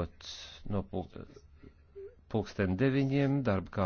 sākot no pulksten deviņiem darba kā